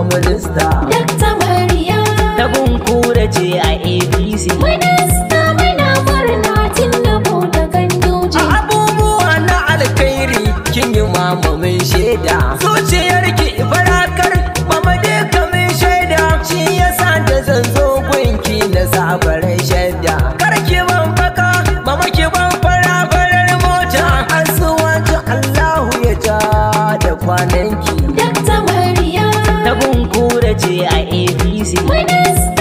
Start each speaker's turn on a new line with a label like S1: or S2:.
S1: kwamurista
S2: Dakta Mariya Ta kunkura ce a APC Minista mana murna tun da bude gandoji Abubuwa na alkhairi kin
S3: yi mamamin shaida Zuciyar ki ibarakar mama dai shaida Shi yasa da zan zo gunki na sabarin shaida
S1: ce a abc